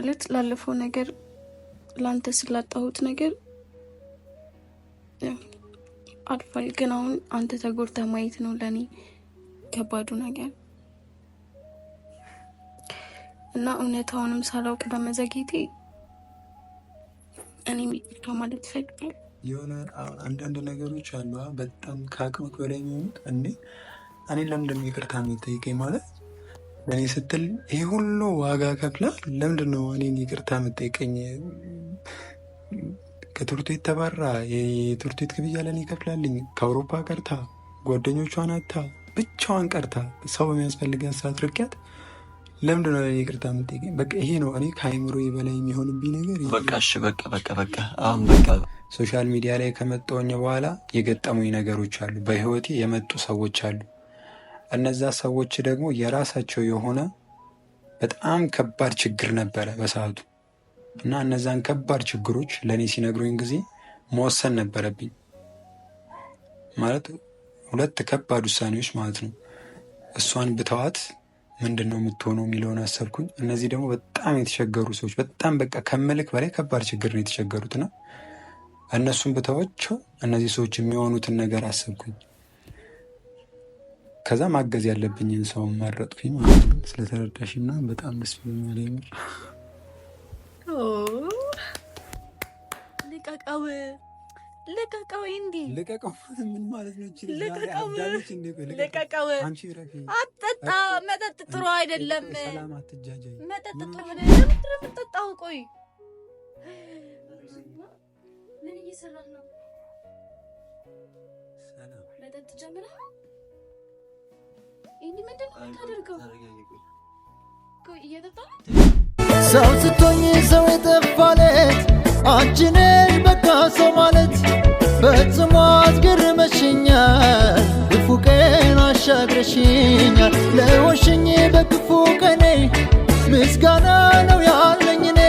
ማለት ላለፈው ነገር ለአንተ ስላጣሁት ነገር አልፏል። ግን አሁን አንተ ተጎድተህ ማየት ነው ለእኔ ከባዱ ነገር እና እውነታውንም ሳላውቅ በመዘግየቴ እኔም ይቅርታ ማለት ይፈልጋል። የሆነ አንዳንድ ነገሮች አሉ በጣም ከአቅምክ በላይ የሚሆኑት እኔ እኔ ለምንድን ነው ይቅርታ የሚጠይቀኝ ማለት እኔ ስትል ይህ ሁሉ ዋጋ ከፍላ ለምንድን ነው እኔን ይቅርታ የምጠይቀኝ? ከትምህርት ቤት ተባራ፣ የትምህርት ቤት ክፍያ ለእኔ ይከፍላልኝ፣ ከአውሮፓ ቀርታ፣ ጓደኞቿን አታ፣ ብቻዋን ቀርታ፣ ሰው በሚያስፈልገን ሰዓት ርቅያት ለምንድን ነው ለእኔ ይቅርታ የምጠይቀኝ? በቃ ይሄ ነው እኔ ከአይምሮ በላይ የሚሆንብኝ ነገር። በቃ እሺ፣ በቃ በቃ በቃ አሁን በቃ ሶሻል ሚዲያ ላይ ከመጣሁኝ በኋላ የገጠሙኝ ነገሮች አሉ። በህይወቴ የመጡ ሰዎች አሉ እነዛ ሰዎች ደግሞ የራሳቸው የሆነ በጣም ከባድ ችግር ነበረ በሰዓቱ እና እነዛን ከባድ ችግሮች ለእኔ ሲነግሩኝ ጊዜ መወሰን ነበረብኝ። ማለት ሁለት ከባድ ውሳኔዎች ማለት ነው። እሷን ብተዋት ምንድን ነው የምትሆነው የሚለውን አሰብኩኝ። እነዚህ ደግሞ በጣም የተቸገሩ ሰዎች በጣም በቃ ከምልክ በላይ ከባድ ችግር ነው የተቸገሩትና እነሱን ብተዋቸው እነዚህ ሰዎች የሚሆኑትን ነገር አሰብኩኝ። ከዛ ማገዝ ያለብኝን ሰው መረጥኩኝ ማለት ስለተረዳሽ በጣም ደስ ብሎኛል። የምር ልቀቀው፣ ልቀቀው፣ እንዲ ልቀቀው። ምን ማለት ነው? ልቀቀው። መጠጥ ጥሩ አይደለም። መጠጥ ጥሩ አይደለም። ቆይ ምን ነው? መጠጥ ጀምረሃል ይህ ምንድን ሰው ስቶኝ ሰው የጠፋለት አንቺን በቃ ሰው ማለት በጽሟ አስገርመሽኛል። ክፉ ቀን አሻግረሽኛል። ለወሽኝ በክፉ ቀኔ ምስጋና ነው ያለኝኔ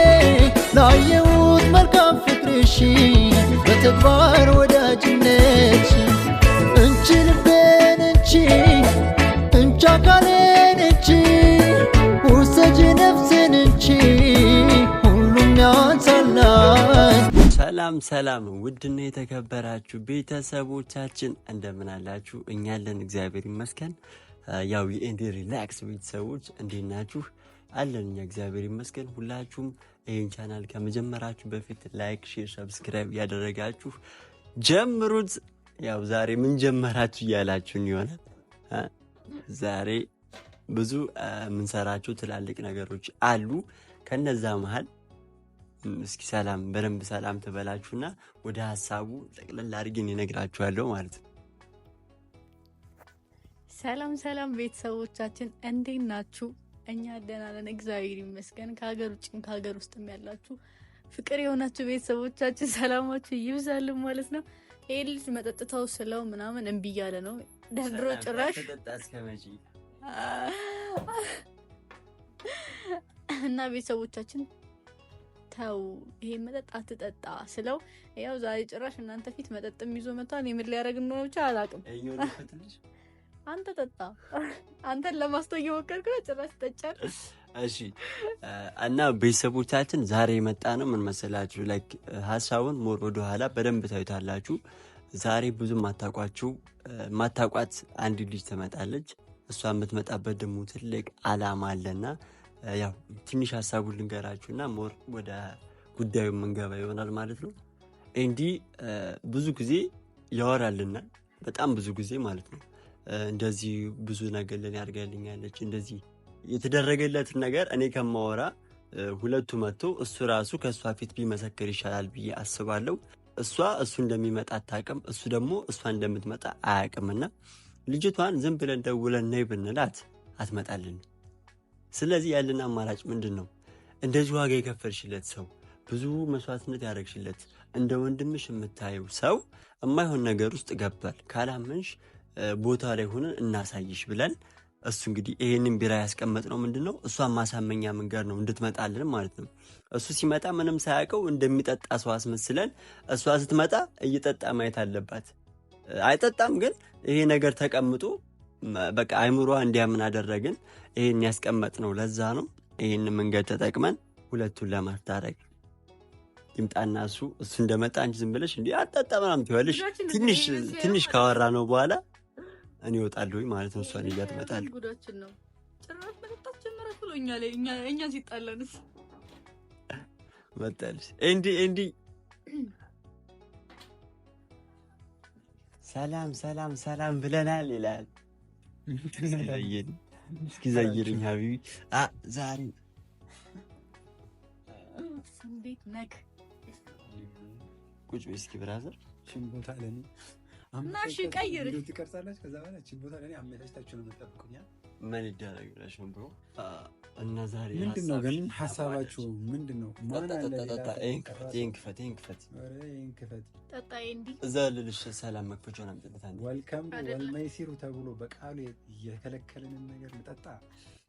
ላየሁት መልካም ፍቅርሽ በተግባ ሰላም ውድና የተከበራችሁ ቤተሰቦቻችን እንደምን አላችሁ? እኛ እግዚአብሔር ይመስገን። ያው የኤንድ ሪላክስ ቤተሰቦች እንዴት ናችሁ? አለን እኛ እግዚአብሔር ይመስገን። ሁላችሁም ይህን ቻናል ከመጀመራችሁ በፊት ላይክ፣ ሼር፣ ሰብስክራይብ ያደረጋችሁ ጀምሩት። ያው ዛሬ ምን ጀመራችሁ እያላችሁን ይሆናል። ዛሬ ብዙ የምንሰራቸው ትላልቅ ነገሮች አሉ ከነዛ መሀል እስኪ ሰላም በደንብ ሰላም ትበላችሁና ወደ ሀሳቡ ጠቅለል አድርጌን እነግራችኋለሁ ማለት ነው። ሰላም ሰላም ቤተሰቦቻችን እንዴት ናችሁ? እኛ ደህና ነን እግዚአብሔር ይመስገን። ከሀገር ውጭም ከሀገር ውስጥም ያላችሁ ፍቅር የሆናችሁ ቤተሰቦቻችን ሰላማችሁ ይብዛል ማለት ነው። ይሄ ልጅ መጠጥተው ስለው ምናምን እምቢ እያለ ነው ደንድሮ ጭራሽ እና ቤተሰቦቻችን ተው ይሄ መጠጥ አትጠጣ ስለው ያው ዛሬ ጭራሽ እናንተ ፊት መጠጥም ይዞ መጥቷል። የምር ሊያደርግ እንደሆነ ብቻ አላውቅም። አንተ ጠጣ፣ አንተን ለማስታወቅ የሞከርኩ ጭራሽ ጠጫል። እሺ እና ቤተሰቦቻችን ዛሬ የመጣ ነው ምን መሰላችሁ፣ ላይክ ሀሳቡን ሞር ወደኋላ በደንብ ታዩታላችሁ። ዛሬ ብዙ ማታቋችሁ ማታቋት አንድ ልጅ ትመጣለች። እሷ የምትመጣበት ደግሞ ትልቅ አላማ አለና ያው ትንሽ ልንገራችሁ እና ሞር ወደ ጉዳዩ የምንገባ ይሆናል ማለት ነው። ኤንዲ ብዙ ጊዜ ያወራልና በጣም ብዙ ጊዜ ማለት ነው። እንደዚህ ብዙ ነገር ለኔ አድርጋልኛለች፣ እንደዚህ የተደረገለትን ነገር እኔ ከማወራ ሁለቱ መጥቶ እሱ ራሱ ከእሷ ፊት ቢመሰክር ይሻላል ብዬ አስባለሁ። እሷ እሱ እንደሚመጣ አታቅም እሱ ደግሞ እሷ እንደምትመጣ አያቅምና ልጅቷን ዝም ብለን ደውለን ነይ ብንላት አትመጣልን። ስለዚህ ያለን አማራጭ ምንድን ነው? እንደዚህ ዋጋ የከፈልሽለት ሰው ብዙ መስዋዕትነት ያደረግሽለት እንደ ወንድምሽ የምታየው ሰው የማይሆን ነገር ውስጥ ገብቷል። ካላመንሽ ቦታ ላይ ሆነን እናሳይሽ ብለን እሱ እንግዲህ ይሄንን ቢራ ያስቀመጥ ነው ምንድን ነው እሷን ማሳመኛ መንገድ ነው እንድትመጣልን ማለት ነው። እሱ ሲመጣ ምንም ሳያውቀው እንደሚጠጣ ሰው አስመስለን እሷ ስትመጣ እየጠጣ ማየት አለባት። አይጠጣም ግን ይሄ ነገር ተቀምጦ በቃ አይምሮ እንዲያምን አደረግን። ይህን ያስቀመጥ ነው። ለዛ ነው ይህን መንገድ ተጠቅመን ሁለቱን ለማስታረቅ ይምጣና እሱ እሱ እንደመጣ አንቺ ዝም ብለሽ እንዲ አጣጣምናም ትበልሽ ትንሽ ካወራ ነው በኋላ እኔ እወጣለሁ ማለት ነው። እሷን እያ ትመጣል። ሰላም ሰላም ሰላም ብለናል ይላል እስኪ ዘይርኝ ሀቢቢ ዛሬ እንዴት ነክ ቁጭ እስኪ ብራዘር ቦታ ለኔ እና ሽን ቀይር ትቀርጻለች። ከዛ በኋላ ቦታ ለኔ አመቻችታችሁ ነው የምጠብቁኛል ምን ይደረግ ብለሽ ነው ብሎ እና ዛሬ ምንድን ነው ግን ሀሳባችሁ ምንድን ነው? ይህን ክፈት፣ ይህን ክፈት፣ ይህን ክፈት እዛ ልልሽ ሰላም መክፈቻውን አምጥታለች። ወልከም ወልመይሲሩ ተብሎ በቃሉ የከለከለንን ነገር ጠጣ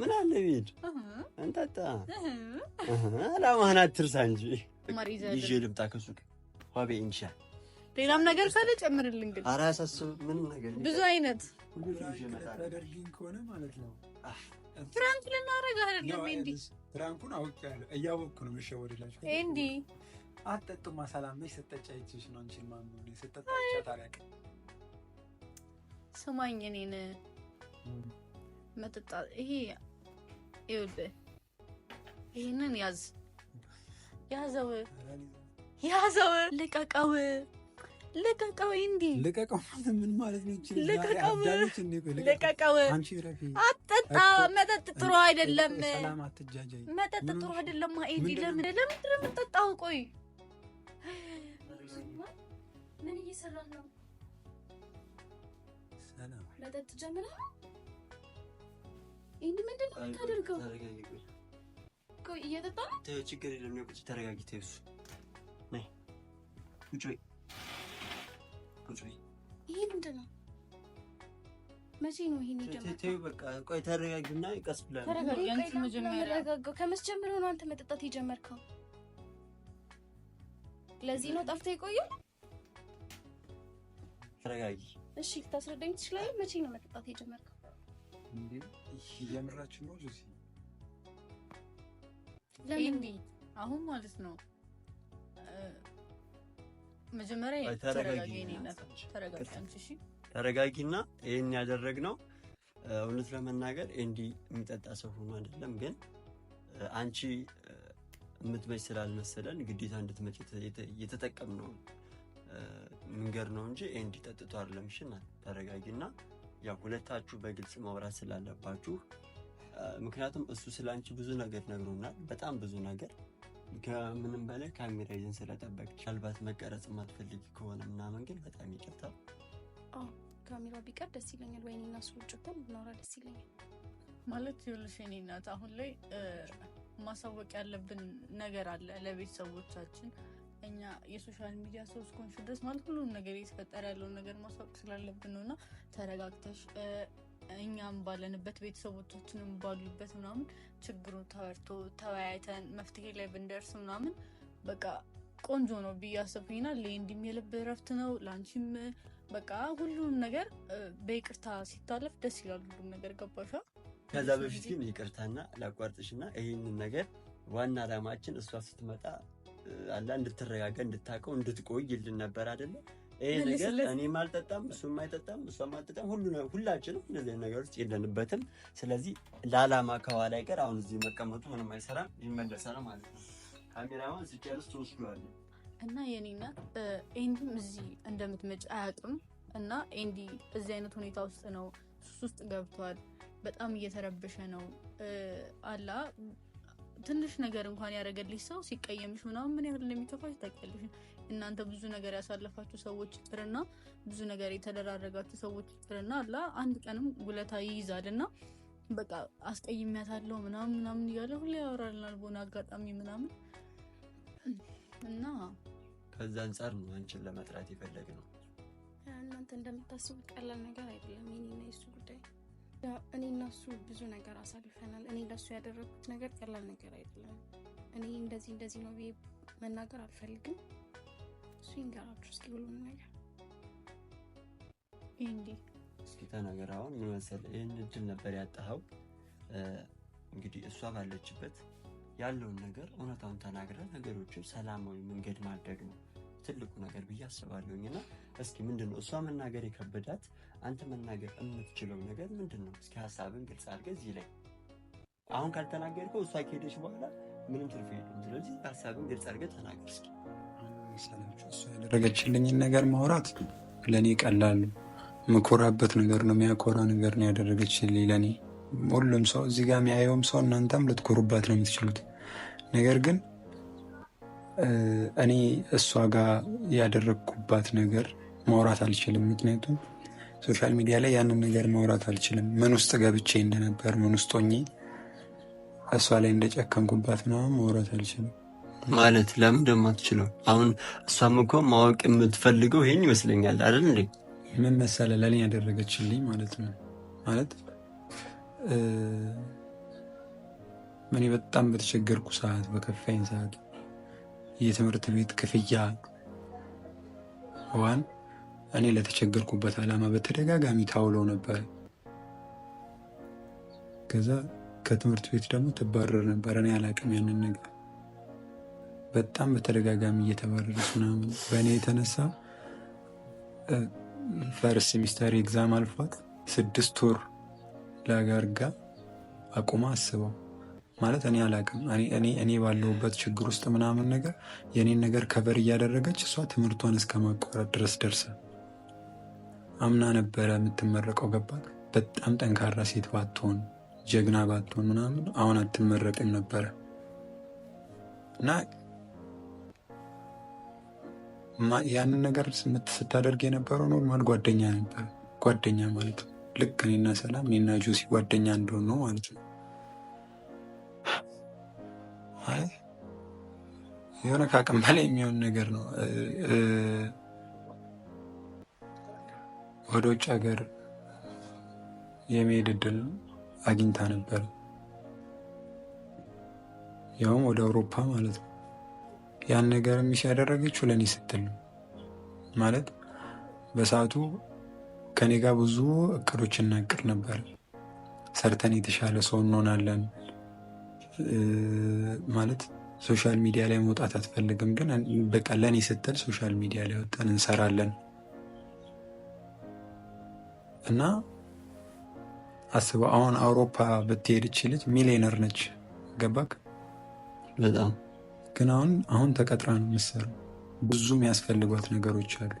ምን አለ ቤድ እንጠጣ። አላማህን አትርሳ እንጂ ይዤ ልምጣ ከሱቅ ዋቤ እንሻ ሌላም ነገር ካለ ጨምርልን። ግን ኧረ አያሳስብም፣ ምንም ነገር ብዙ አይነት ፍራንክ ልናረግ አይደለም እንዴ? ፍራንኩን አውቅ እያወቅኩ ነው የምሸወድላችሁ እንዴ? አትጠጡማ ሰላም ነች። ስጠጫ ይችሽ ነው እንጂ ማምኑ ስጠጣ ታሪያ ስማኝ እኔን መጠጣት ይሄ ይኸውልህ፣ ይህንን ያዝ ያዘው፣ ያዘው፣ ልቀቀው፣ ልቀቀው። እንዲ ልቀቀው ምን ማለት ነው? ልቀቀው፣ ልቀቀው። አጠጣ መጠጥ ጥሩ አይደለም። መጠጥ ጥሩ አይደለም። ማኤዲ ለምን ለምንድን የምጠጣው? ቆይ ምን እየሰራ ነው? መጠጥ ጀምራ ይሄን ምንድን ነው የምታደርገው? ቆይ እየጠጣ ነው። ችግር የለም ቁጭ ተረጋጊ። ተይሱ ቁጭ በይ ቁጭ በይ። ይሄ ምንድን ነው? መቼ ነው ይሄን በቃ ቆይ ተረጋጊና ቀስ ነው አንተ መጠጣት የጀመርከው። ለዚህ ነው ጠፍታ የቆየው። ተረጋጊ እሺ። ልታስረዳኝ ትችላለህ? መቼ ነው መጠጣት የጀመርከው? እንዴ እየምራችን ነው ሉሲ? ለምን አሁን ማለት ነው መጀመሪያ ተረጋጊና ይህን ያደረግነው እውነት ለመናገር ኤንዲ የሚጠጣ ሰው ሆኖ አይደለም፣ ግን አንቺ የምትመች ስላልመሰለን ግዴታ እንድትመጭ የተጠቀምነው መንገድ ነው እንጂ ኤንዲ ጠጥቶ አይደለም። ሽና ተረጋጊና ያው ሁለታችሁ በግልጽ ማውራት ስላለባችሁ ምክንያቱም እሱ ስለአንቺ ብዙ ነገር ነግሮናል። በጣም ብዙ ነገር ከምንም በላይ ካሜራ ይዘን ስለጠበቅ ምናልባት መቀረጽ የማትፈልጊ ከሆነ ምናምን ግን በጣም ይቀርታል። ካሜራ ቢቀር ደስ ይለኛል። ወይኔ እና እሱ ውጭ ብናወራ ደስ ይለኛል። ማለት ይኸውልሽ እኔ እናት አሁን ላይ ማሳወቅ ያለብን ነገር አለ ለቤተሰቦቻችን እኛ የሶሻል ሚዲያ ሰው እስከሆንሽ ድረስ ማለት ሁሉም ነገር እየተፈጠረ ያለውን ነገር ማስታወቅ ስላለብን ነው እና ተረጋግተሽ እኛም ባለንበት ቤተሰቦቻችንም ባሉበት ምናምን ችግሩ ተወርቶ ተወያይተን መፍትሄ ላይ ብንደርስ ምናምን በቃ ቆንጆ ነው ብዬ አሰብኩኝና ለእንዲም የልብ እረፍት ነው ለአንቺም በቃ ሁሉም ነገር በይቅርታ ሲታለፍ ደስ ይላል። ሁሉም ነገር ገባሻ? ከዛ በፊት ግን ይቅርታና ላቋርጥሽና ይህንን ነገር ዋና አላማችን እሷ ስትመጣ አላ እንድትረጋጋ እንድታቀው እንድትቆይ ይልን ነበር አይደለ? ይህ ነገር እኔም አልጠጣም እሱም አይጠጣም እሷም አልጠጣም፣ ሁላችንም እንደዚህ ነገር ውስጥ የለንበትም። ስለዚህ ለዓላማ ከኋላ አይቀር አሁን እዚህ መቀመጡ ምንም አይሰራም፣ ይመለሳል ማለት ነው። ካሜራማን ስጨርስ ትወስዷዋለ እና የኔና እናት ኤንዲም እዚህ እንደምትመጭ አያውቅም። እና ኤንዲ እዚህ አይነት ሁኔታ ውስጥ ነው፣ ሱስ ውስጥ ገብቷል። በጣም እየተረበሸ ነው አላ ትንሽ ነገር እንኳን ያደረገልሽ ሰው ሲቀየምሽ ምናምን ምን ያህል እንደሚከፋሽ ታውቂያለሽ። እናንተ ብዙ ነገር ያሳለፋችሁ ሰዎች ይቅርና ብዙ ነገር የተደራረጋችሁ ሰዎች ይቅርና አላ አንድ ቀንም ውለታ ይይዛል እና በቃ አስቀይሚያታለሁ ምናምን ምናምን እያለ ሁሌ ያወራልናል በሆነ አጋጣሚ ምናምን እና ከዛ አንጻር ነው አንቺን ለመጥራት የፈለግ ነው። እናንተ እንደምታስቡ ቀላል ነገር አይደለም የእኔና የእሱ ጉዳይ እኔ እነሱ ብዙ ነገር አሳልፈናል። እኔ ለሱ ያደረጉት ነገር ቀላል ነገር አይደለም። እኔ እንደዚህ እንደዚህ ነው ብዬ መናገር አልፈልግም። እሱ ይንገራችሁ እስኪ ሁሉን ነገር እስኪ ተነገር። አሁን ምን መሰለህ ይህን እድል ነበር ያጣኸው። እንግዲህ እሷ ባለችበት ያለውን ነገር እውነታውን ተናግረ ነገሮችን ሰላማዊ መንገድ ማድረግ ነው። ትልቁ ነገር ብዬ አስባለሁኝ። እና እስኪ ምንድን ነው እሷ መናገር የከበዳት አንተ መናገር የምትችለው ነገር ምንድን ነው? እስኪ ሀሳብን ግልጽ አድርገህ እዚህ ላይ አሁን ካልተናገርከው እሷ ከሄደች በኋላ ምንም ትርፍ የለም። ስለዚህ ሀሳብን ግልጽ አድርገህ ተናገር እስኪ። እሷ ያደረገችልኝን ነገር ማውራት ለእኔ ቀላል የምኮራበት ነገር ነው። የሚያኮራ ነገር ነው ያደረገችልኝ ለእኔ። ሁሉም ሰው እዚህ ጋር የሚያየውም ሰው እናንተም ልትኮሩባት ነው የምትችሉት ነገር ግን እኔ እሷ ጋር ያደረግኩባት ነገር ማውራት አልችልም። ምክንያቱም ሶሻል ሚዲያ ላይ ያንን ነገር ማውራት አልችልም። ምን ውስጥ ገብቼ እንደነበር ምን ውስጥ ሆኜ እሷ ላይ እንደጨከንኩባት ምናምን ማውራት አልችልም። ማለት ለምን ደግሞ አትችለው? አሁን እሷም እኮ ማወቅ የምትፈልገው ይሄን ይመስለኛል አይደል እንዴ? ምን መሰለህ ለእኔ ያደረገችልኝ ማለት ነው ማለት እኔ በጣም በተቸገርኩ ሰዓት፣ በከፋኝ ሰዓት የትምህርት ቤት ክፍያ ዋን እኔ ለተቸገርኩበት ዓላማ በተደጋጋሚ ታውለው ነበር። ከዛ ከትምህርት ቤት ደግሞ ትባረር ነበር። እኔ አላቅም ያንን ነገር በጣም በተደጋጋሚ እየተባረረች ምናምን በእኔ የተነሳ ፈርስት ሴሚስተር ኤግዛም አልፏት ስድስት ወር ለጋርጋ አቁማ አስበው ማለት እኔ አላቅም እኔ ባለሁበት ችግር ውስጥ ምናምን ነገር የእኔን ነገር ከበር እያደረገች እሷ ትምህርቷን እስከ ማቋረጥ ድረስ ደርሰ አምና ነበረ የምትመረቀው። ገባ በጣም ጠንካራ ሴት ባትሆን ጀግና ባትሆን ምናምን አሁን አትመረቅም ነበረ እና ያንን ነገር ስታደርግ የነበረው ኖርማል ጓደኛ ነበር ጓደኛ ማለት ነው ልክ እኔና ሰላም እኔና ጆሲ ጓደኛ እንደሆን ነው ማለት ነው። የሆነ ከአቅም በላይ የሚሆን ነገር ነው። ወደ ውጭ ሀገር የመሄድ እድል አግኝታ ነበር፣ ያውም ወደ አውሮፓ ማለት ነው። ያን ነገር ሚስ ያደረገችው ለእኔ ስትል ማለት በሰዓቱ ከኔ ጋር ብዙ እቅዶች እናቅር ነበር። ሰርተን የተሻለ ሰው እንሆናለን ማለት ሶሻል ሚዲያ ላይ መውጣት አትፈልግም፣ ግን በቃ ለእኔ ስትል ሶሻል ሚዲያ ላይ ወጠን እንሰራለን እና አስበው። አሁን አውሮፓ ብትሄድ እቺ ልጅ ሚሊዮነር ነች። ገባክ? በጣም ግን አሁን አሁን ተቀጥራ ነው የምትሰራው። ብዙም ያስፈልጓት ነገሮች አሉ።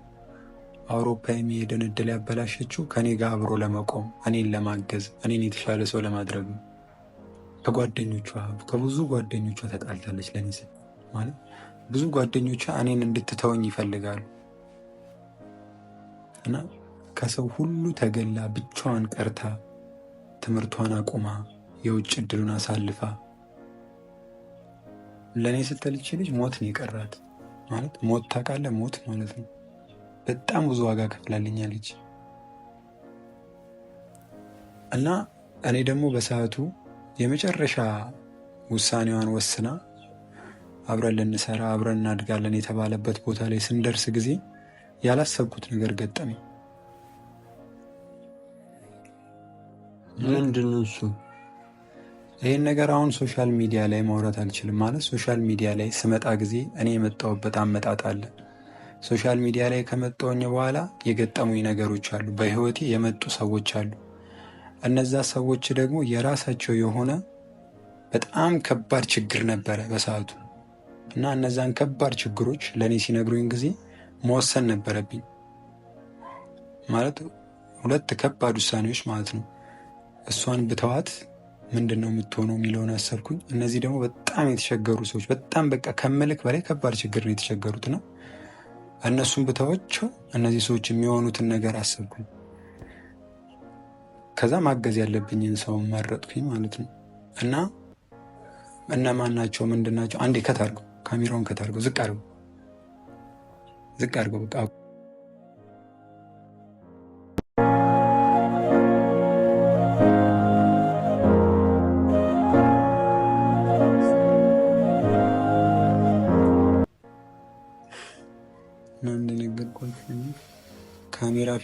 አውሮፓ የሚሄድን እድል ያበላሸችው ከኔ ጋር አብሮ ለመቆም እኔን ለማገዝ እኔን የተሻለ ሰው ለማድረግ ነው። ከጓደኞቿ ከብዙ ጓደኞቿ ተጣልታለች። ለእኔ ማለት ብዙ ጓደኞቿ እኔን እንድትተወኝ ይፈልጋሉ እና ከሰው ሁሉ ተገላ ብቻዋን ቀርታ ትምህርቷን አቁማ የውጭ እድሉን አሳልፋ ለእኔ ስትልች ልጅ ሞት ነው የቀራት። ማለት ሞት ታውቃለህ፣ ሞት ማለት ነው። በጣም ብዙ ዋጋ ልጅ እና እኔ ደግሞ በሰዓቱ የመጨረሻ ውሳኔዋን ወስና አብረን ልንሰራ አብረን እናድጋለን የተባለበት ቦታ ላይ ስንደርስ ጊዜ ያላሰብኩት ነገር ገጠመኝ። ምንድን እሱ? ይህን ነገር አሁን ሶሻል ሚዲያ ላይ ማውራት አልችልም። ማለት ሶሻል ሚዲያ ላይ ስመጣ ጊዜ እኔ የመጣሁበት አመጣጥ አለ። ሶሻል ሚዲያ ላይ ከመጣሁኝ በኋላ የገጠሙኝ ነገሮች አሉ። በህይወቴ የመጡ ሰዎች አሉ። እነዛ ሰዎች ደግሞ የራሳቸው የሆነ በጣም ከባድ ችግር ነበረ በሰዓቱ እና እነዛን ከባድ ችግሮች ለእኔ ሲነግሩኝ ጊዜ መወሰን ነበረብኝ። ማለት ሁለት ከባድ ውሳኔዎች ማለት ነው። እሷን ብተዋት ምንድን ነው የምትሆነው የሚለውን አሰብኩኝ። እነዚህ ደግሞ በጣም የተቸገሩ ሰዎች በጣም በቃ ከመልክ በላይ ከባድ ችግር ነው የተቸገሩት ነው። እነሱን ብተዋቸው እነዚህ ሰዎች የሚሆኑትን ነገር አሰብኩኝ። ከዛ ማገዝ ያለብኝን ሰው መረጥኩኝ ማለት ነው። እና እነማን ናቸው ምንድን ናቸው? አንዴ ከታርገው ካሜራውን ከታርገው ዝቅ አርገው ዝቅ አርገው በቃ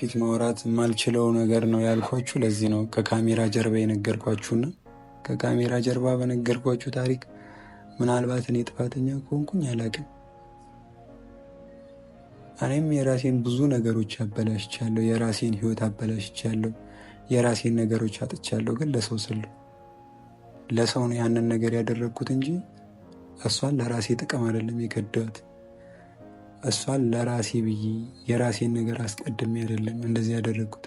ፊት ማውራት የማልችለው ነገር ነው ያልኳችሁ ለዚህ ነው ከካሜራ ጀርባ የነገርኳችሁና ከካሜራ ጀርባ በነገርኳችሁ ታሪክ ምናልባት እኔ ጥፋተኛ ከሆንኩኝ አላቅም። እኔም የራሴን ብዙ ነገሮች አበላሽቻለሁ፣ የራሴን ህይወት አበላሽቻለሁ፣ የራሴን ነገሮች አጥቻለሁ። ግን ለሰው ስል ለሰው ነው ያንን ነገር ያደረግኩት እንጂ እሷን ለራሴ ጥቅም አይደለም የከዳዋት። እሷን ለራሴ ብዬ የራሴን ነገር አስቀድሜ አይደለም እንደዚህ ያደረግኩት።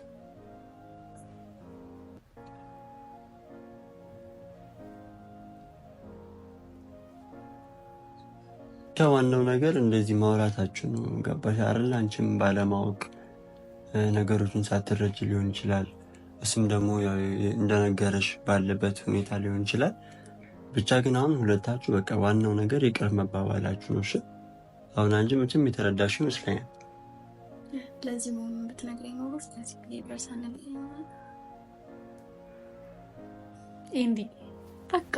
ዋናው ነገር እንደዚህ ማውራታችሁ ነው። ገባሽ አይደል? አንቺም ባለማወቅ ነገሮችን ሳትረጅ ሊሆን ይችላል። እሱም ደግሞ እንደነገረሽ ባለበት ሁኔታ ሊሆን ይችላል። ብቻ ግን አሁን ሁለታችሁ በቃ ዋናው ነገር ይቅር መባባላችሁ ነው። አሁን አንቺ ምንም የተረዳሽ ይመስለኛል። ለዚህ መሆኑን ብትነግረኝ ኖሮ ስለዚህ ጊዜ ደርሰን እንዲ በቃ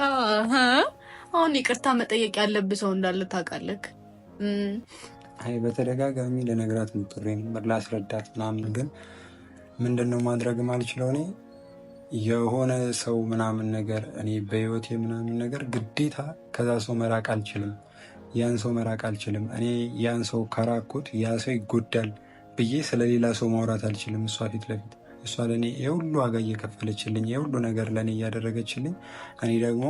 አሁን ይቅርታ መጠየቅ ያለብህ ሰው እንዳለ ታውቃለህ። አይ በተደጋጋሚ ለነግራት ሞክሬ ነበር ላስረዳት ምናምን፣ ግን ምንድን ነው ማድረግ ማልችለው እኔ የሆነ ሰው ምናምን ነገር እኔ በህይወቴ ምናምን ነገር ግዴታ ከዛ ሰው መራቅ አልችልም። ያን ሰው መራቅ አልችልም። እኔ ያን ሰው ከራኩት ያ ሰው ይጎዳል ብዬ ስለ ሌላ ሰው ማውራት አልችልም። እሷ ፊት ለፊት እሷ ለእኔ የሁሉ ዋጋ እየከፈለችልኝ የሁሉ ነገር ለእኔ እያደረገችልኝ፣ እኔ ደግሞ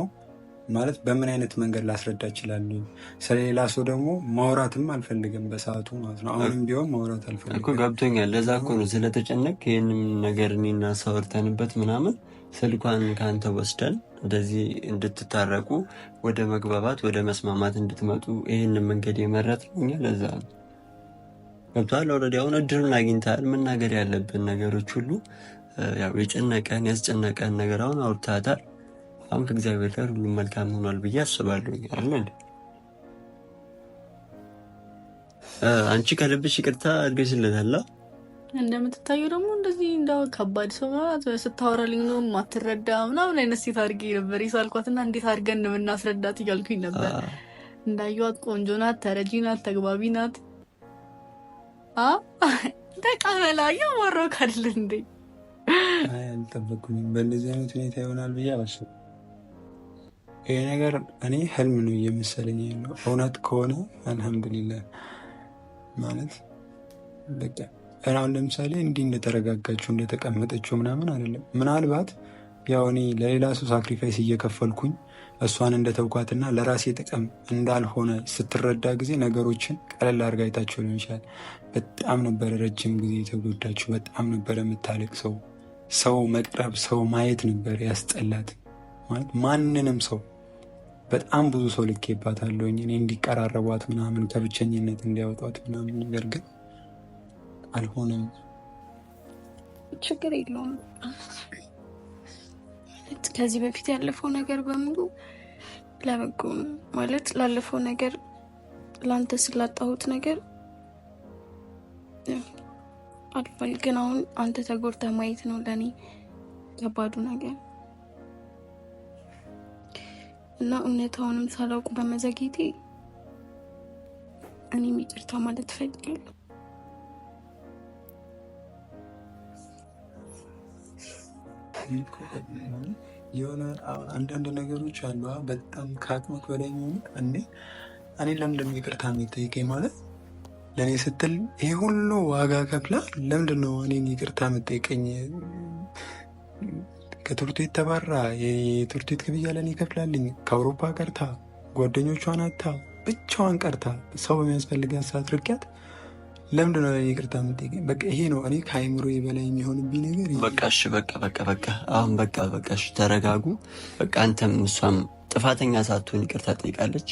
ማለት በምን አይነት መንገድ ላስረዳ እችላለሁ? ስለሌላ ሰው ደግሞ ማውራትም አልፈልግም በሰዓቱ ማለት ነው። አሁንም ቢሆን ማውራት አልፈልግም እኮ ገብቶኛል። ለዛ እኮ ነው ስለተጨነቅ ይህንም ነገር እኔና ሰው ምናምን ስልኳን ከአንተ ወስደን እንደዚህ እንድትታረቁ ወደ መግባባት ወደ መስማማት እንድትመጡ ይህን መንገድ የመረት ነው። ለዛ ነው ገብቷል። ኦልሬዲ አሁን እድሉን አግኝተሃል። መናገር ያለብን ነገሮች ሁሉ ያው የጨነቀን ያስጨነቀን ነገር አሁን አውርታታል። አሁን ከእግዚአብሔር ጋር ሁሉም መልካም ሆኗል ብዬ አስባለሁ። አይደል አንቺ ከልብሽ ይቅርታ አድርገሽለታል። እንደምትታዩ ደግሞ እንደዚህ እንደ ከባድ ሰው ማለት ስታወራልኝ ነው ማትረዳ ምናምን አይነት ሴት አድርጌ ነበር የሳልኳትና እንዴት አድርገን ነው እናስረዳት እያልኩኝ ነበር። እንዳየዋት ቆንጆ ናት፣ ተረጂ ናት፣ ተግባቢ ናት። ተቃበላ እያወራሁ ካለ እንዴ አልጠበኩም። በእንደዚህ አይነት ሁኔታ ይሆናል ብዬ አላስብም። ይህ ነገር እኔ ህልም ነው እየመሰለኝ ያለው። እውነት ከሆነ አልሐምዱሊላህ ማለት በቃ አሁን ለምሳሌ እንዲህ እንደተረጋጋችሁ እንደተቀመጠችው ምናምን አይደለም። ምናልባት ያው እኔ ለሌላ ሰው ሳክሪፋይስ እየከፈልኩኝ እሷን እንደተውኳትና ለራሴ ጥቅም እንዳልሆነ ስትረዳ ጊዜ ነገሮችን ቀለል አድርጋ አይታችሁ ሊሆን ይችላል። በጣም ነበረ ረጅም ጊዜ የተጎዳችሁ፣ በጣም ነበረ የምታለቅ ሰው ሰው መቅረብ ሰው ማየት ነበር ያስጠላት። ማለት ማንንም ሰው በጣም ብዙ ሰው ልኬባታለሁኝ እኔ እንዲቀራረቧት ምናምን ከብቸኝነት እንዲያወጧት ምናምን ነገር ግን አልሆንም። ችግር የለውም። ከዚህ በፊት ያለፈው ነገር በሙሉ ለበጎ ነው ማለት ላለፈው ነገር ለአንተ ስላጣሁት ነገር አልፏል። ግን አሁን አንተ ተጎድተህ ማየት ነው ለእኔ ከባዱ ነገር እና እውነታውንም ሳላውቅ በመዘግየቴ እኔም ይቅርታ ማለት እፈልጋለሁ። የሆነ አንዳንድ ነገሮች አሉ በጣም ከአቅምህ በላይ የሚሆኑት። እኔ እኔ ለምንድን ነው ይቅርታ የምጠይቀኝ? ማለት ለእኔ ስትል ይሄ ሁሉ ዋጋ ከፍላ ለምንድን ነው እኔን ይቅርታ የምጠይቀኝ? ከትምህርት ቤት ተባራ፣ የትምህርት ቤት ክፍያ ለእኔ ይከፍላልኝ፣ ከአውሮፓ ቀርታ፣ ጓደኞቿን አታ፣ ብቻዋን ቀርታ ሰው በሚያስፈልጋት ሰዓት ርቅያት ለምንድን ነው ይቅርታ የምትገኝ? በቃ ይሄ ነው እኔ ከአይምሮ በላይ የሚሆንብኝ ነገር። በቃ እሺ፣ በቃ በቃ በቃ አሁን በቃ በቃ እሺ፣ ተረጋጉ። በቃ አንተም እሷም ጥፋተኛ ሳትሆን ይቅርታ ጠይቃለች፣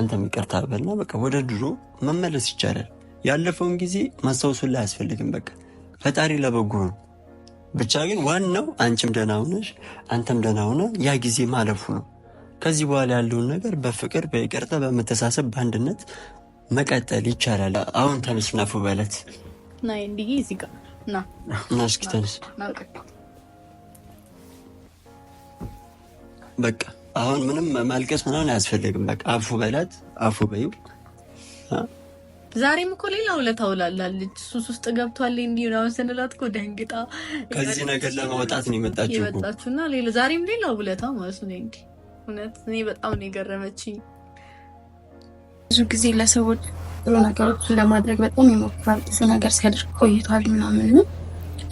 አንተም ይቅርታ በልና በቃ ወደ ድሮ መመለስ ይቻላል። ያለፈውን ጊዜ ማስታወሱን ላይ አያስፈልግም። በቃ ፈጣሪ ለበጎ ነው። ብቻ ግን ዋናው አንቺም ደህና ሆነሽ አንተም ደህና ሆነ ያ ጊዜ ማለፉ ነው። ከዚህ በኋላ ያለውን ነገር በፍቅር በይቅርታ በመተሳሰብ በአንድነት መቀጠል ይቻላል። አሁን ተነስናፉ በለት ናይ እንዲህ እዚህ ጋር ና ና እስኪ ተነስ። በቃ አሁን ምንም ማልቀስ ምናምን አያስፈልግም። በቃ አፉ በላት አፉ በዩ። ዛሬም እኮ ሌላ ውለታ ውላለች። ሱስ ውስጥ ገብቷል። እንዲህ ምናምን ስንላት እኮ ደንግጣ ከዚህ ነገር ለመውጣት ነው የመጣችው የመጣችሁና ዛሬም ሌላ ውለታ ማለት ነው። እንዲ እውነት እኔ በጣም ነው የገረመችኝ። ብዙ ጊዜ ለሰዎች ጥሩ ነገሮችን ለማድረግ በጣም ይሞክራል። ብዙ ነገር ሲያደርግ ቆይቷል ምናምን ነው።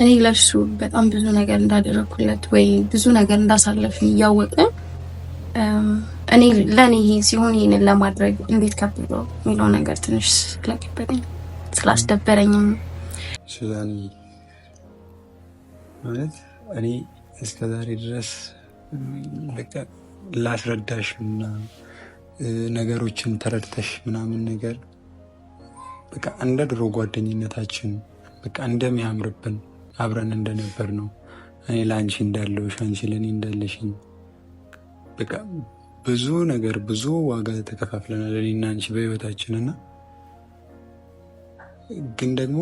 እኔ ለሱ በጣም ብዙ ነገር እንዳደረግኩለት ወይ ብዙ ነገር እንዳሳለፍን እያወቀ እኔ ለእኔ ሲሆን ይህንን ለማድረግ እንዴት ከብሎ የሚለው ነገር ትንሽ ስለከበደኝ ስላስደበረኝም ሱዛን ማለት እኔ እስከዛሬ ድረስ ላስረዳሽ እና ነገሮችን ተረድተሽ ምናምን ነገር በቃ እንደ ድሮ ጓደኝነታችን በቃ እንደሚያምርብን አብረን እንደነበር ነው። እኔ ለአንቺ እንዳለሽ አንቺ ለእኔ እንዳለሽኝ በቃ ብዙ ነገር ብዙ ዋጋ ተከፋፍለናል እኔና አንቺ በህይወታችን እና ግን ደግሞ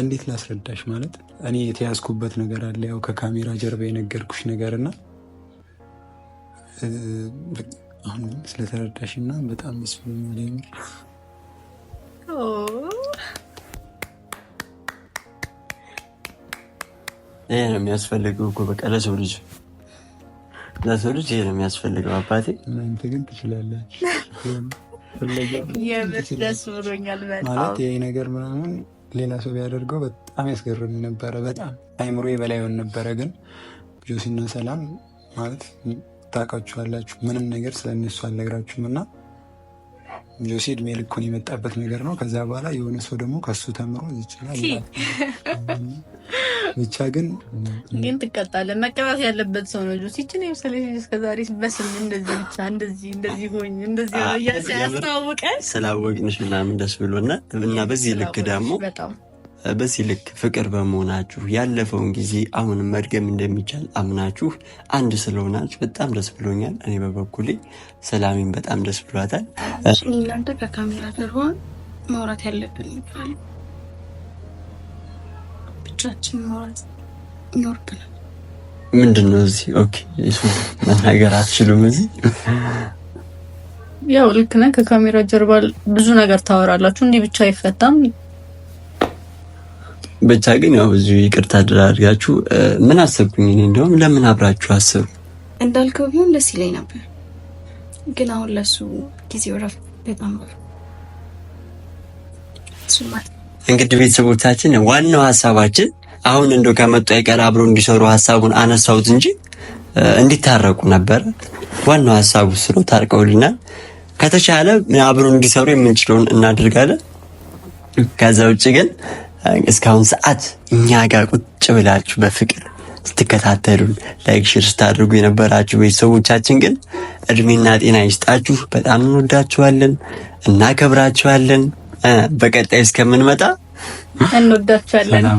እንዴት ላስረዳሽ ማለት እኔ የተያዝኩበት ነገር አለ። ያው ከካሜራ ጀርባ የነገርኩሽ ነገር እና አሁን ግን ስለተረዳሽና በጣም ደስ ብሎኛል። ይሄ ነው የሚያስፈልገው እኮ በቃ ለሰው ልጅ ለሰው ልጅ ይሄ ነው የሚያስፈልገው። አባቴ እናንተ ግን ትችላላችሁ። ማለት ይህ ነገር ምናምን ሌላ ሰው ቢያደርገው በጣም ያስገርም ነበረ። በጣም አይምሮ በላይ ሆን ነበረ። ግን ጆሲና ሰላም ማለት ታውቃችኋላችሁ። ምንም ነገር ስለነሱ አልነግራችሁም እና ጆሲ እድሜ ልኩን የመጣበት ነገር ነው። ከዚያ በኋላ የሆነ ሰው ደግሞ ከሱ ተምሮ ይችላል። ብቻ ግን ግን ትቀጣለህ። መቀጣት ያለበት ሰው ነው ጆሲ። ይችን የምሳሌ እስከዛሬ በስም እንደዚህ ብቻ እንደዚህ እንደዚህ ሆኝ እንደዚህ ያስተዋውቀን ስላወቅንሽ ምናምን ደስ ብሎና እና በዚህ ልክ ደግሞ በጣም በዚህ ልክ ፍቅር በመሆናችሁ ያለፈውን ጊዜ አሁንም መድገም እንደሚቻል አምናችሁ አንድ ስለሆናችሁ በጣም ደስ ብሎኛል። እኔ በበኩሌ ሰላሜን በጣም ደስ ብሏታል። እናንተ ከካሜራ ጀርባ ማውራት ያለብን ይባል ብቻችን ማውራት ይኖርብናል። ምንድን ነው እዚህ መናገር አትችሉም እዚህ ያው ልክ ነህ። ከካሜራ ጀርባ ብዙ ነገር ታወራላችሁ። እንዲህ ብቻ አይፈታም። ብቻ ግን ያው እዚሁ ይቅርታ አድርጋችሁ ምን አሰብኩኝ እኔ እንደውም ለምን አብራችሁ አሰብ እንዳልከው ቢሆን ደስ ይለኝ ነበር፣ ግን አሁን ለሱ ጊዜው ረፍ በጣም እንግዲህ ቤተሰቦቻችን ዋናው ሀሳባችን አሁን እንደ ከመጡ አይቀር አብሮ እንዲሰሩ ሀሳቡን አነሳሁት እንጂ እንዲታረቁ ነበር ዋናው ሀሳቡ ስሎ ታርቀውልናል። ከተቻለ አብሮ እንዲሰሩ የምንችለውን እናደርጋለን። ከዛ ውጭ ግን እስካሁን ሰዓት እኛ ጋር ቁጭ ብላችሁ በፍቅር ስትከታተሉን ላይክ ሽር ስታደርጉ የነበራችሁ ቤተሰቦቻችን ግን እድሜና ጤና ይስጣችሁ። በጣም እንወዳችኋለን፣ እናከብራችኋለን። በቀጣይ እስከምንመጣ እንወዳችኋለን።